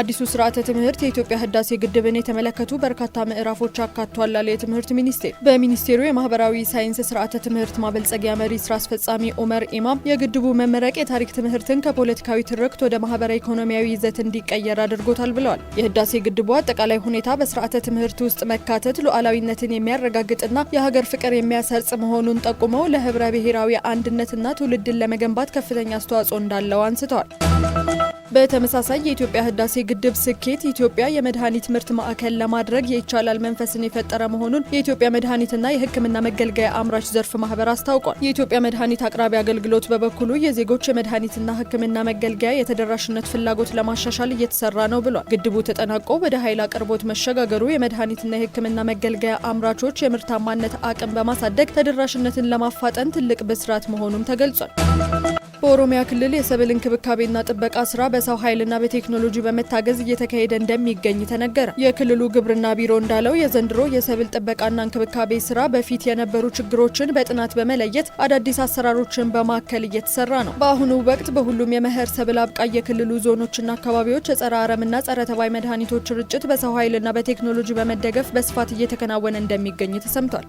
አዲሱ ስርዓተ ትምህርት የኢትዮጵያ ህዳሴ ግድብን የተመለከቱ በርካታ ምዕራፎች አካቷል አለ የትምህርት ሚኒስቴር። በሚኒስቴሩ የማህበራዊ ሳይንስ ስርዓተ ትምህርት ማበልጸጊያ መሪ ስራ አስፈጻሚ ኦመር ኢማም የግድቡ መመረቅ የታሪክ ትምህርትን ከፖለቲካዊ ትርክት ወደ ማህበራዊ ኢኮኖሚያዊ ይዘት እንዲቀየር አድርጎታል ብለዋል። የህዳሴ ግድቡ አጠቃላይ ሁኔታ በስርዓተ ትምህርት ውስጥ መካተት ሉዓላዊነትን የሚያረጋግጥና የሀገር ፍቅር የሚያሰርጽ መሆኑን ጠቁመው ለህብረ ብሔራዊ አንድነትና ትውልድን ለመገንባት ከፍተኛ አስተዋጽኦ እንዳለው አንስተዋል። በተመሳሳይ የኢትዮጵያ ህዳሴ ግድብ ስኬት ኢትዮጵያ የመድኃኒት ምርት ማዕከል ለማድረግ የይቻላል መንፈስን የፈጠረ መሆኑን የኢትዮጵያ መድኃኒትና የሕክምና መገልገያ አምራች ዘርፍ ማህበር አስታውቋል። የኢትዮጵያ መድኃኒት አቅራቢ አገልግሎት በበኩሉ የዜጎች የመድኃኒትና ሕክምና መገልገያ የተደራሽነት ፍላጎት ለማሻሻል እየተሰራ ነው ብሏል። ግድቡ ተጠናቆ ወደ ኃይል አቅርቦት መሸጋገሩ የመድኃኒትና የሕክምና መገልገያ አምራቾች የምርታማነት አቅም በማሳደግ ተደራሽነትን ለማፋጠን ትልቅ ብስራት መሆኑም ተገልጿል። በኦሮሚያ ክልል የሰብል እንክብካቤና ጥበቃ ስራ በሰው ኃይልና በቴክኖሎጂ በመታገዝ እየተካሄደ እንደሚገኝ ተነገረ። የክልሉ ግብርና ቢሮ እንዳለው የዘንድሮ የሰብል ጥበቃና እንክብካቤ ስራ በፊት የነበሩ ችግሮችን በጥናት በመለየት አዳዲስ አሰራሮችን በማከል እየተሰራ ነው። በአሁኑ ወቅት በሁሉም የመኸር ሰብል አብቃይ የክልሉ ዞኖችና አካባቢዎች የጸረ አረምና ጸረ ተባይ መድኃኒቶች ርጭት በሰው ኃይልና በቴክኖሎጂ በመደገፍ በስፋት እየተከናወነ እንደሚገኝ ተሰምቷል።